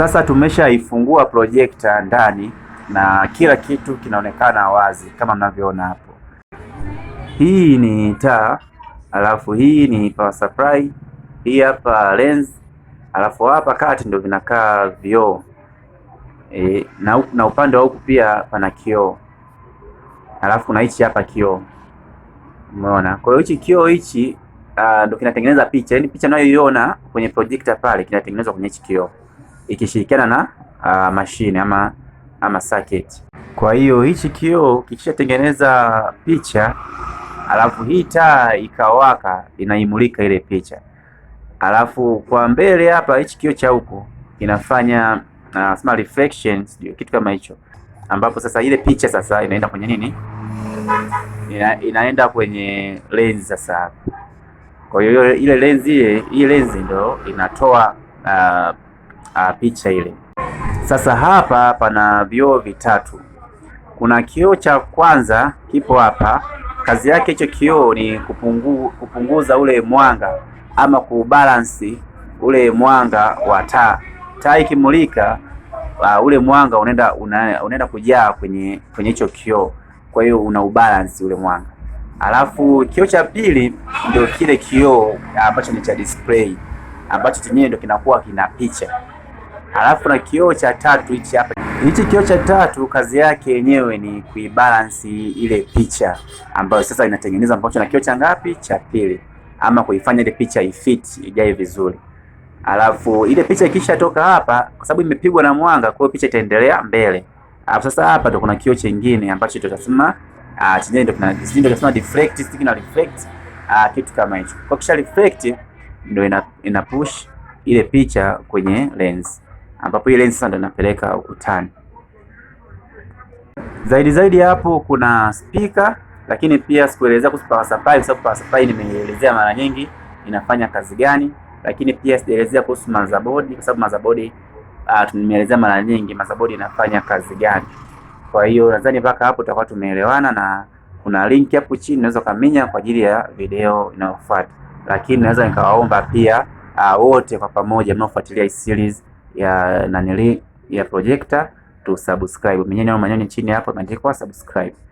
Sasa tumeshaifungua projekta ndani na kila kitu kinaonekana wazi kama mnavyoona hapo. Hii ni taa, alafu hii ni power supply, hii hapa lens, alafu hapa kati ndio vinakaa vioo e, na, na upande wa huku pia pana kioo, alafu kuna hichi hapa kioo, umeona. Kwa hiyo hichi kioo hichi ah, ndio kinatengeneza picha, yaani picha unayoiona kwenye projector pale kinatengenezwa kwenye hichi kioo ikishirikiana na uh, ah, mashine ama, ama circuit. Kwa hiyo hichi kioo kikishatengeneza picha alafu hii taa ikawaka inaimulika ile picha, alafu kwa mbele hapa hichi kioo cha huko inafanya uh, ah, small reflections, kitu kama hicho, ambapo sasa ile picha sasa inaenda kwenye nini, ina, inaenda kwenye lens sasa Kwa hiyo ile lens ile, hii ndio inatoa uh, uh, picha ile. Sasa hapa pana vioo vitatu. Kuna kioo cha kwanza kipo hapa, kazi yake hicho kioo ni kupungu, kupunguza ule mwanga ama kubalansi ule mwanga wa taa. Taa ikimulika uh, ule mwanga unaenda una, unaenda kujaa kwenye kwenye hicho kioo, kwa hiyo una ubalansi ule mwanga. Alafu kioo cha pili ndio kile kioo ambacho ni cha display ambacho chenyewe ndio kinakuwa kina picha Halafu na kioo cha tatu hichi hapa. Hichi kioo cha tatu kazi yake yenyewe ni kuibalansi ile picha ambayo sasa inatengeneza mpaka na kioo cha ngapi? Cha pili, ama kuifanya ile picha ifit ijae vizuri. Alafu ile picha toka hapa, kwa sababu imepigwa na mwanga, kwa hiyo picha itaendelea mbele. Alafu sasa hapa ndo kuna kioo kingine ambacho tutasema ah, chenye ndo tunasema deflect stick na reflect, ah, kitu kama hicho. Kwa kisha reflect ndo ina, ina push ile picha kwenye lens ambapo ile lensi ndo inapeleka ukutani. Zaidi zaidi hapo kuna speaker, lakini pia sikuelezea kuhusu power supply kwa sababu power supply nimeielezea mara nyingi inafanya kazi gani, lakini pia sijaelezea kuhusu motherboard kwa sababu motherboard uh, ah, nimeelezea mara nyingi motherboard inafanya kazi gani. Kwa hiyo nadhani mpaka hapo tutakuwa tumeelewana, na kuna link hapo chini unaweza kaminya kwa ajili ya video inayofuata, lakini naweza nikawaomba pia uh, wote kwa pamoja mnaofuatilia hii series ya nanili ya projector to subscribe. Mimi neno manyoni chini hapo imeandikwa subscribe.